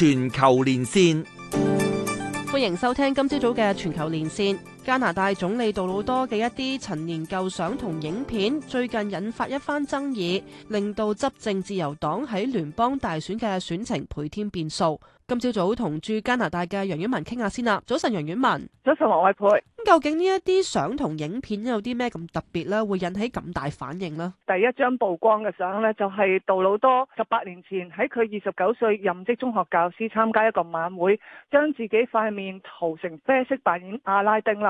全球連線，歡迎收聽今朝早嘅全球連線。加拿大總理杜魯多嘅一啲陳年舊相同影片，最近引發一番爭議，令到執政自由黨喺聯邦大選嘅選情倍添變數。今朝早同駐加拿大嘅楊婉文傾下先啦。早晨，楊婉文。早晨，王慧蓓。究竟呢一啲相同影片有啲咩咁特別咧？會引起咁大反應呢？第一張曝光嘅相呢，就係杜魯多十八年前喺佢二十九歲任職中學教師，參加一個晚會，將自己塊面塗成啡色，扮演阿拉丁啦。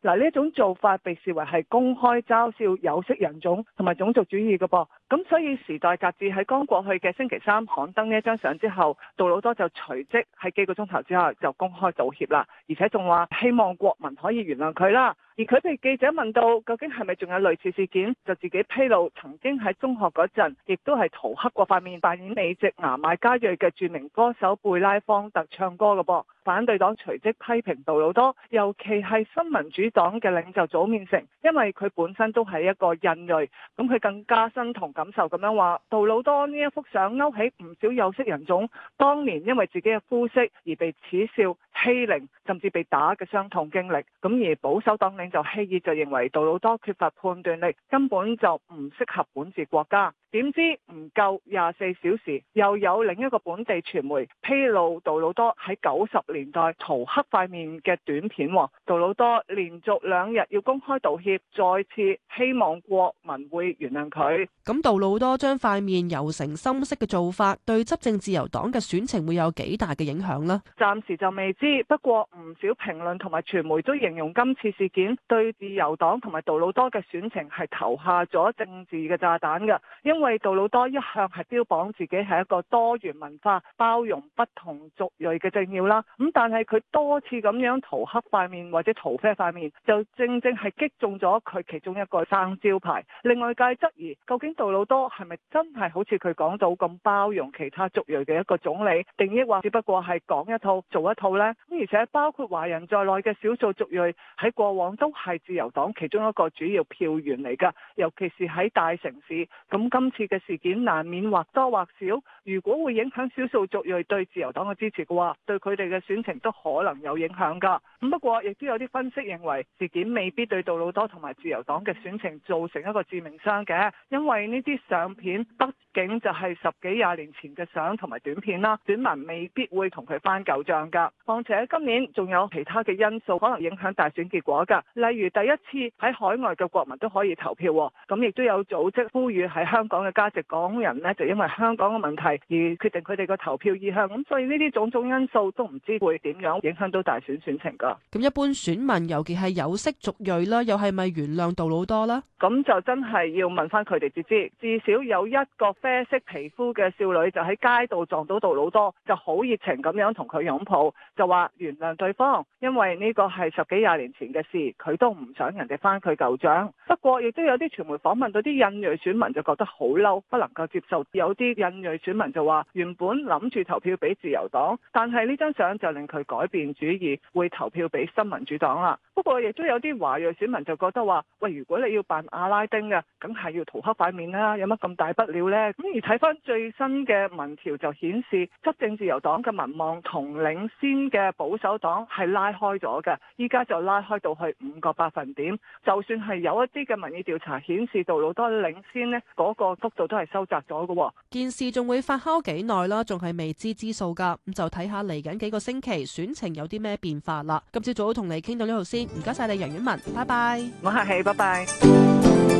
嗱，呢種做法被視為係公開嘲笑有色人種同埋種族主義嘅噃。咁所以時代雜誌喺剛過去嘅星期三刊登呢一張相之後，杜魯多就隨即喺幾個鐘頭之後就公開道歉啦，而且仲話希望國民可以原諒佢啦。而佢被記者問到究竟係咪仲有類似事件，就自己披露曾經喺中學嗰陣亦都係塗黑過塊面，扮演美籍牙買加裔嘅著名歌手貝拉方特唱歌嘅噃。反對黨隨即批評杜魯多，尤其係新民主黨嘅領袖祖面成，因為佢本身都係一個印裔，咁佢更加身同感受咁樣話，杜魯多呢一幅相勾起唔少有色人種當年因為自己嘅膚色而被恥笑。欺凌甚至被打嘅傷痛經歷，咁而保守黨領袖希爾就認為杜魯多缺乏判斷力，根本就唔適合管治國家。點知唔夠廿四小時，又有另一個本地傳媒披露杜魯多喺九十年代塗黑塊面嘅短片。杜魯多連續兩日要公開道歉，再次希望國民會原諒佢。咁杜魯多將塊面油成深色嘅做法，對執政自由黨嘅選情會有幾大嘅影響呢？暫時就未知。不過唔少評論同埋傳媒都形容今次事件對自由黨同埋杜魯多嘅選情係投下咗政治嘅炸彈嘅，因為杜魯多一向係標榜自己係一個多元文化、包容不同族裔嘅政要啦。咁但係佢多次咁樣塗黑塊面或者塗啡塊面，就正正係擊中咗佢其中一個生招牌。另外界質疑，究竟杜魯多係咪真係好似佢講到咁包容其他族裔嘅一個總理，定抑或只不過係講一套做一套呢？咁而且包括華人在內嘅少數族裔喺過往都係自由黨其中一個主要票源嚟㗎，尤其是喺大城市。咁今次嘅事件難免或多或少，如果會影響少數族裔對自由黨嘅支持嘅話，對佢哋嘅選情都可能有影響㗎。咁不過亦都有啲分析認為事件未必對杜魯多同埋自由黨嘅選情造成一個致命傷嘅，因為呢啲相片不景就係十幾廿年前嘅相同埋短片啦，選民未必會同佢翻舊帳噶。況且今年仲有其他嘅因素可能影響大選結果噶，例如第一次喺海外嘅國民都可以投票，咁亦都有組織呼籲喺香港嘅價值港人呢，就因為香港嘅問題而決定佢哋嘅投票意向。咁所以呢啲種種因素都唔知會點樣影響到大選選情噶。咁一般選民尤其係有色族裔啦，又係咪原諒杜魯多啦？咁就真係要問翻佢哋至知，至少有一個啡色皮膚嘅少女就喺街度撞到杜魯多，就好熱情咁樣同佢擁抱，就話原諒對方，因為呢個係十幾廿年前嘅事，佢都唔想人哋翻佢舊帳。不過亦都有啲傳媒訪問到啲印裔選民，就覺得好嬲，不能夠接受。有啲印裔選民就話，原本諗住投票俾自由黨，但係呢張相就令佢改變主意，會投票俾新民主黨啦。不過亦都有啲華裔選民就覺得話，喂，如果你要扮阿拉丁嘅，梗係要塗黑塊面啦，有乜咁大不了呢？」咁而睇翻最新嘅民調就顯示，執政自由黨嘅民望同領先嘅保守黨係拉開咗嘅，依家就拉開到去五個百分點。就算係有一啲嘅民意調查顯示杜魯多領先呢嗰、那個幅度都係收窄咗嘅。件事仲會發酵幾耐啦，仲係未知之數噶。咁就睇下嚟緊幾個星期選情有啲咩變化啦。今朝早同你傾到呢度先，唔該晒你楊婉文，拜拜。唔客氣，拜拜。